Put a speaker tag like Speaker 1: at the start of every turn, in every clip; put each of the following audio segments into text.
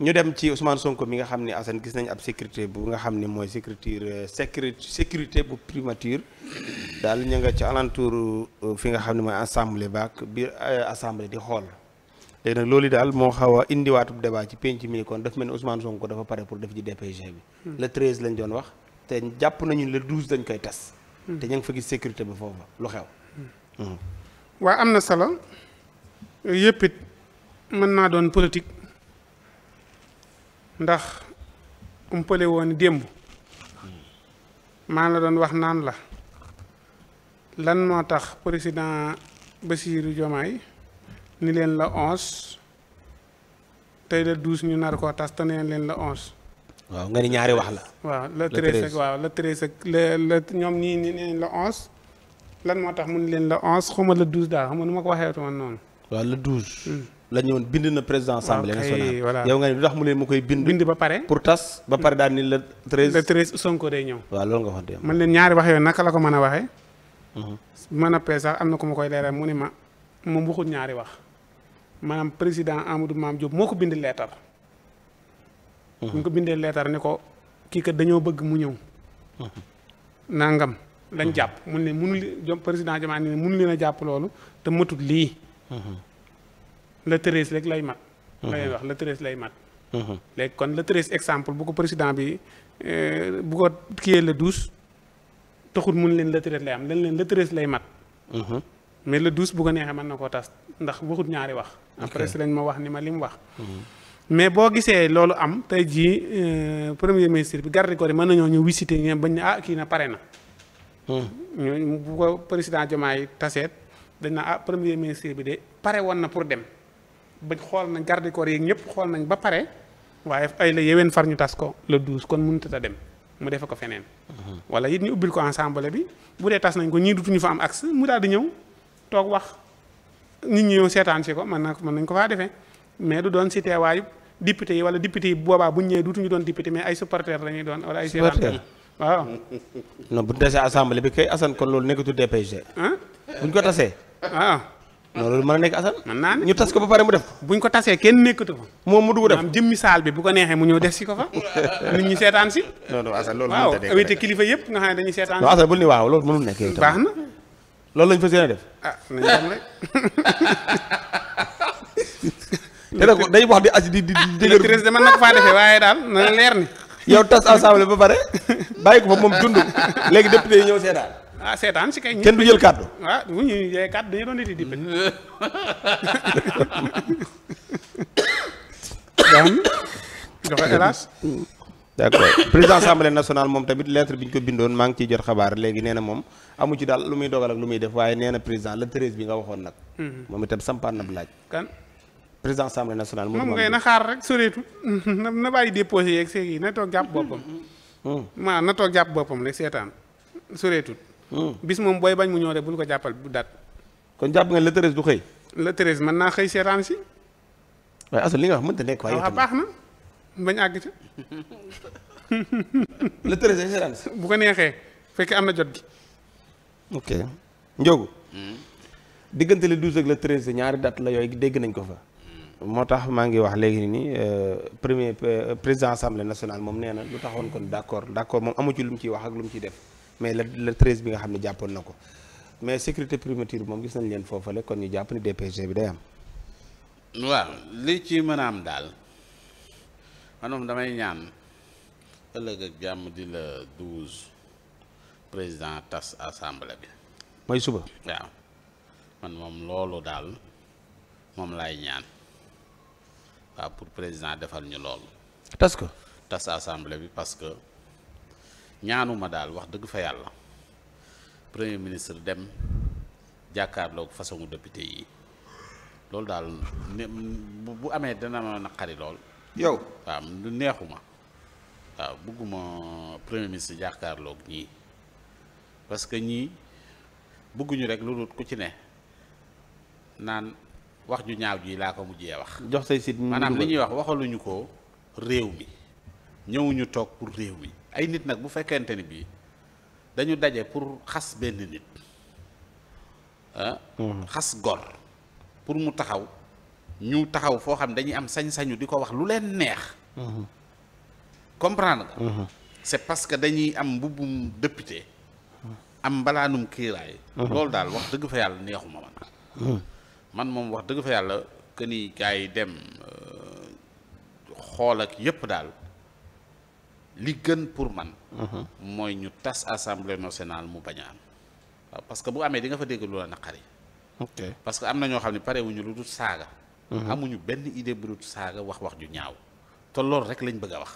Speaker 1: ñu dem ci Ousmane Sonko mi nga xam ne Assane gis nañ ab sécurité bu nga xam ne mooy euh, sécurité sécurité bu primature daal ñu nga ci alentour euh, fi nga xam ne mooy assemblée baak biir euh, assemblée di xool léegi nag daal moo xaw a indiwaatu débat ci penc mi kon daf mel ni Ousmane Sonko dafa pare pour def ci DPG bi. Hmm. le 13 lañ doon wax te jàpp nañu le 12 dañ koy tas. Hmm. te ña fa gis sécurité bi foofu lu xew. Hmm.
Speaker 2: waaw am na solo yëpp it naa doon politique. ndax umpale woon démb maa la doon wax naan la lan moo tax président Bassirou Diomaye ni leen la onze tey la douze ñu nar koo tas te neen leen la onze
Speaker 1: waaw nga ni ñaari wax la waaw la treize ak
Speaker 2: waaw la treize ak la la ñoom nii ni neen la onze lan moo tax mu ni leen la onze xuma la douze daal xam nga nu ma ko waxeetu woon noonu
Speaker 1: waaw la douze hmm. la ñëwoon bind na président assemblée nationale yow nga ne lu tax mu leen mu koy bind bind ba pare pour tas ba pare daal ni le treize le treize Sonko day ñëw waaw loolu nga wax man
Speaker 2: leen ñaari wax yooyu naka la ko mën a waxee mhm. man a pee am na ko ma koy leeral mu ni ma moom waxul ñaari wax maanaam président Amadou Mame Diop moo ko bind leetar ñu mhm. ko bindee leetar ni ko kii kat dañoo bëgg mu ñëw mhm. nangam lañ jàpp mun leen mënul président Diomaye ni mënul leen a jàpp loolu te matut lii le treize rek lay mat. Mhm. lay wax le treize lay mat. Mhm. léegi kon le treize exemple bu ko président bi euh, bu ko kiyee le douze taxul mun leen le treize lay am leen leen le treize lay mat. Mhm. mais le douze bu ko neexee mën na ko tas ndax waxut ñaari wax. après si lañ ma wax ni ma li mu wax. mais boo gisee loolu am tey jii euh, premier ministre bi garde corps yi mën nañoo ñu visiter ñoom bañ ne ah kii na pare na. ñu bu ko président Diomaye taseet dañ na ah premier ministre bi de pare woon na pour ba xool nañ garde corps yeeg ñëpp xool nañ ba pare waaye ay la yeween far ñu tas ko le 12 kon mënut a dem mu defe ko feneen. Mhm. wala it ñu ubbil ko ensemble bi bu dee tas nañ ko ñii dutuñu fa am axe mu daal di ñëw toog wax nit ñu ñëw seetaan si ko man na mën nañ ko faa defee mais du doon si teewaayu député yi wala député yi boobaa bu ñu ñëwee dutuñu doon député mais ay supporters la ñuy doon wala ay. supporters waaw.
Speaker 1: bu ñu tasee bi kay Assane kon loolu nekkatul DPG. bu ñu ko tasee.
Speaker 2: waaw. Ah. non loolu mën a nekk Assane. ñu tas ko ba pare mu def ko. buñ ko tasee kenn nekkatu fa. moom mu dugg def maanaam jëmmi saal bi bu ko neexee mu ñëw def si ko fa. nit ñi seetaan si.
Speaker 1: non non Assane loolu mënut a waaw
Speaker 2: kilifa yëpp nga xam ne dañuy seetaan. non Assane
Speaker 1: bul loolu mënul nekk yow tamit. loolu lañ fas yéene def.
Speaker 2: ah nañu xam rek.
Speaker 1: wax di as di di di. dëgër le treize mën na ko faa defee waaye daal na leer ni. yow tas assemblée ba pare bàyyi ko fa moom dund
Speaker 2: léegi député yi ñëw seetaan ah seetaan si kay. kenn du jël kàddu. ah bu ñuy jëlee kàddu dañu doon nit yi di bëgg. joxe hélas. d' accord président assemblée
Speaker 1: nationale moom tamit lettre bi ñu ko bindoon maa ngi ciy jot xabaar léegi nee na moom amu ci daal lu muy dogal ak lu muy def waaye nee na président le treize bi nga waxoon nag. Mhm. moom itam sampaan na bu laaj. kan président assemblée nationale. moom ngay na
Speaker 2: xaar rek soreetu na bàyyi déposé yeeg seeg yi na toog jàpp boppam. Mm. maa na toog jàpp bis moom booy bañ mu ñëw rek bu ñu ko jàppal bu dat kon jàpp nga la treize du xëy. le treize man naa xëy seetaan si. waaye asul li nga wax mënta nekk waaye. waaw baax na bañ àgg ca. le treize si. bu ko neexee fekk am na jot gi.
Speaker 1: ok Ndiogou. diggante le douze ñaari date la yooy dégg nañ ko fa. moo tax maa ngi wax léegi nii euh, premier euh, président assemblée nationale moom nee na lu taxoon kon d' accord d' accord moom amu ci lu mu ciy wax ak lu mu ciy def. mais le le treize bi nga xam ne jàppoon na ko mais sécurité primature moom gis nañ leen foofale kon ñu jàpp ni DPG bi day am.
Speaker 3: waaw li ci mën a am daal maanaam damay ñaan ëllëg ak jàmm di la douze président tas assemblée bi. mooy suba waaw man moom loolu daal moom laay ñaan waaw pour président defal ñu loolu. tas ko tas assemblée bi parce que. ñaanuma daal wax dëgg fa yàlla premier ministre dem jàkkaarloog façon député yi loolu daal bu amee dana ma naqari lool. yow waaw lu neexuma waaw bëgguma premier ministre jàkkaarloog ñii parce que ñii bëgguñu rek lu dul ku ci ne naan wax ju ñaaw ji laa ko mujjee wax. jox say sit maanaam li ñuy wax waxaluñu ko réew mi ñëwuñu toog pour réew mi. ay nit nag bu fekkente ni bii dañu daje pour xas benn nit ah, hmm. xas gor pour mu taxaw ñu taxaw foo xam dañuy am sañ-sañu di ko wax lu leen neex. Hmm. comprendre nga. Hmm. c'est parce que dañuy am mbubbum député am mbalaanum kiiraay. loolu daal wax dëgg fa yàlla neexuma man. man moom wax dëgg fa yàlla que ni yi dem euh, xool ak yëpp daal. li gën pour man. Mhm. mooy ñu tas assemblée nationale mu bañ a am. waaw parce que bu amee di nga fa dégg lu la naqari. ok parce que am na ñoo xam ne pare wuñu lu dul saaga. Mhm. amuñu benn idée bu dul saaga wax wax ju ñaaw te loolu rek lañ bëgg a wax.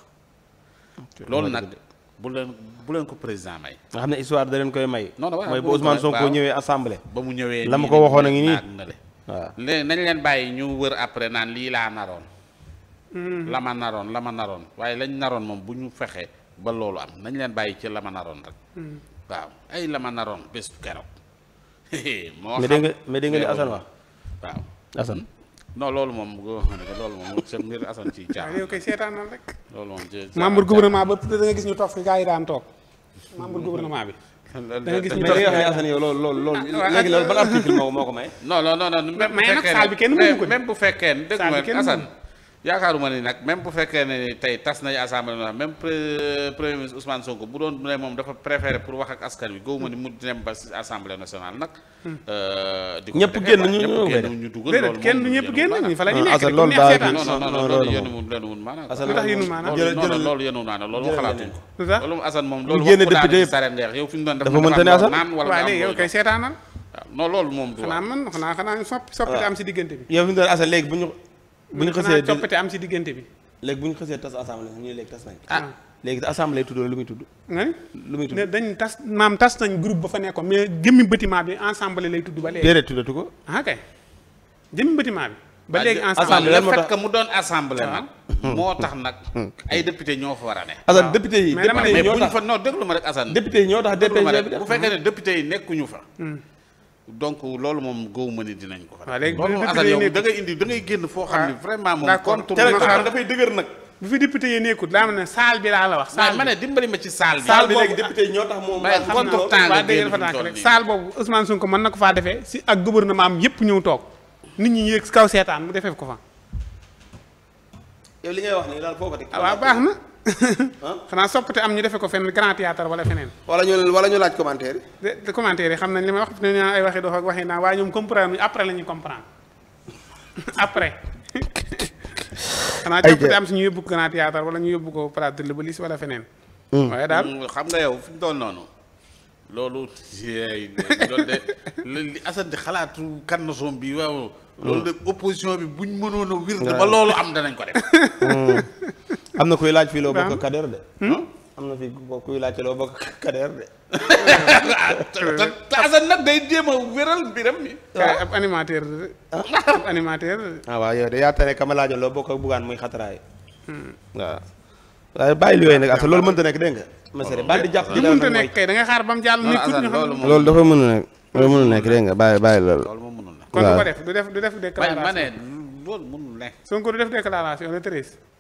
Speaker 3: loolu nag bu leen bu leen ko président may.
Speaker 1: nga xam ne histoire da leen koy may. non non waaw mooy bu Ousmane ñëwee assemblée. ba mu ñëwee la ma ko waxoon a ngi nii
Speaker 3: waaw léegi nañ leen bàyyi ñu wër après naan lii laa naroon. Mm-hmm. la ma naroon la ma naroon waaye lañ naroon moom bu ñu fexe ba loolu am nañ leen bàyyi ci la ma naroon rek. Mm-hmm. waaw ay la ma naroon bés bu keroog. moo xam mais dégg nga mais dégg nga li Assane wax. waaw hmm? moom loolu moom seen mbir Assane ci caa. yow kay seetaanal rek. loolu moom membre gouvernement ba da nga hmm. bi. da nga
Speaker 2: gis ñu toog mais Assane yow loolu loolu loolu. Ah, léegi
Speaker 3: loolu bu fekkee mais nag dëgg ma Assane. yaakaaruma ni nag même bu fekkee ne tey tas nañu assemblée nationale même premier ministre Ousmane Sonko bu doon ne moom dafa préféré pour wax ak askan wi gowuma ni mu dem ba si assemblée nationale nag. Hmm. Euh, di ko loolu kenn ñëpp génn ñu fa la ñu ah, loolu moom loolu yënul maanaam. Assane loolu yënul loolu moom loolu wax ku daal sareen leer yow fi ñu doon léegi yow
Speaker 2: seetaanal. waaw loolu moom du xanaa man xanaa xanaa soppi
Speaker 1: soppi ah. bu ñu xasee coppite
Speaker 2: am si diggante bi. léegi bu ñu xasee tas assemblée ñu ne léegi tas nañ. Ah. ah léegi te assemblée tuddoo lu muy tudd. nga ni lu muy tudd dañ tas maam tas nañ groupe ba fa nekkoon mais jëmmi bâtiment bi ensemble lay tudd ba léegi. déedéet tuddatu ko. ah kay
Speaker 3: jëmmi bâtiment bi. ba ah, léegi ensemble le fait que mu doon assemblée nag. Ah. moo tax nag ay député ñoo fa war a ne. Assane député yi. mais dama ne yi ñoo tax DPG yi nekkuñu fa. Hmm. donc loolu moom góob ma ni dinañ ko fa. waaw ah, léegi yow da ngay indi da génn foo xam ne ah, vraiment moom. contre dafay dëgër nag.
Speaker 2: bu fi député yi nekkut daa ma ne saal bi laa la wax. saal ah, ma ne dimbali ma ci saal bi. saal yi ñoo tax moom. waaye xam naa rek saal boobu Ousmane Sonko mën na ko faa defee si ak gouvernement am yëpp ñëw toog nit ñi yéeg kaw seetaan mu defee ko fa. yow li ngay wax nii daal foo ko baax na. xanaa soppite am ñu defe ko fenn grand théâtre wala feneen wala
Speaker 1: ñu wala ñu laaj commentaire
Speaker 2: yi commentaire yi xam nañ li may wax ne naa ay waxi dox ak waxi naa waaye ñoom comprendre après la ñuy après xanaa soppite am suñu yóbbu ko grand théâtre wala ñu yóbbu ko place de l'Obélisque wala feneen
Speaker 3: hmm. waaye daal hmm, xam nga yow fi ñu doon noonu loolu loolu de li Assane di xalaatu kannasoom bi waaw loolu de opposition bi buñ mënoon a ba loolu am danañ ko def hmm.
Speaker 1: am na kuy laaj fii loo bokk kader de. Hmm? am na fi kuy laaj loo bokk kader de. te
Speaker 3: Assane nag day jéem a wéral mbiram mi. ab
Speaker 1: animateur de. Ah.
Speaker 2: ab animateur
Speaker 1: de. ah waaw yow de yaa tere ka ma laajoon loo bokk ak bugaan muy xataraay. Hmm. waaw. waaye bàyyi li yooyu nag Assane loolu mënta nekk dégg nga. masari bal di jàpp li nekk da
Speaker 2: nga xaar ba mu jàll. nit ku ñu xam loolu
Speaker 1: dafa mënul nekk. loolu mënul nekk dégg nga bàyyi bàyyi loolu. loolu moom mënul nekk kon du
Speaker 2: ko def du def du def déclaration.
Speaker 3: loolu def déclaration le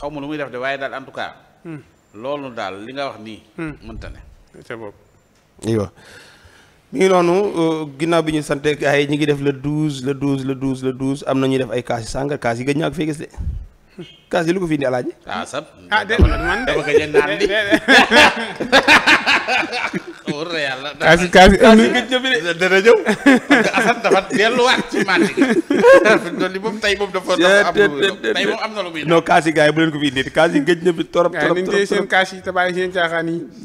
Speaker 3: xaw ma lu muy def de waaye daal en tout cas. Hmm. loolu daal li nga wax nii. Hmm. mënta ne. c'est bon.
Speaker 1: yow mi ngi noonu euh, ginnaaw bi ñu sant gars yi ñu ngi def le douze le douze le douze le douze am na ñuy def ay kaas yu sànq kaas yi nga naa ko fee gis de. kaas lu ko fi indi alaaji.
Speaker 3: ah sab ah de man de bëgg naan di.
Speaker 2: wóor na yàlla. kaas yi kaas yi ëllëg dana ñëw. asan dafa delluwaat yi bu
Speaker 1: leen ko fi indi kaas yi gëj na torop torop torop seen
Speaker 2: kaas seen caaxaan yi.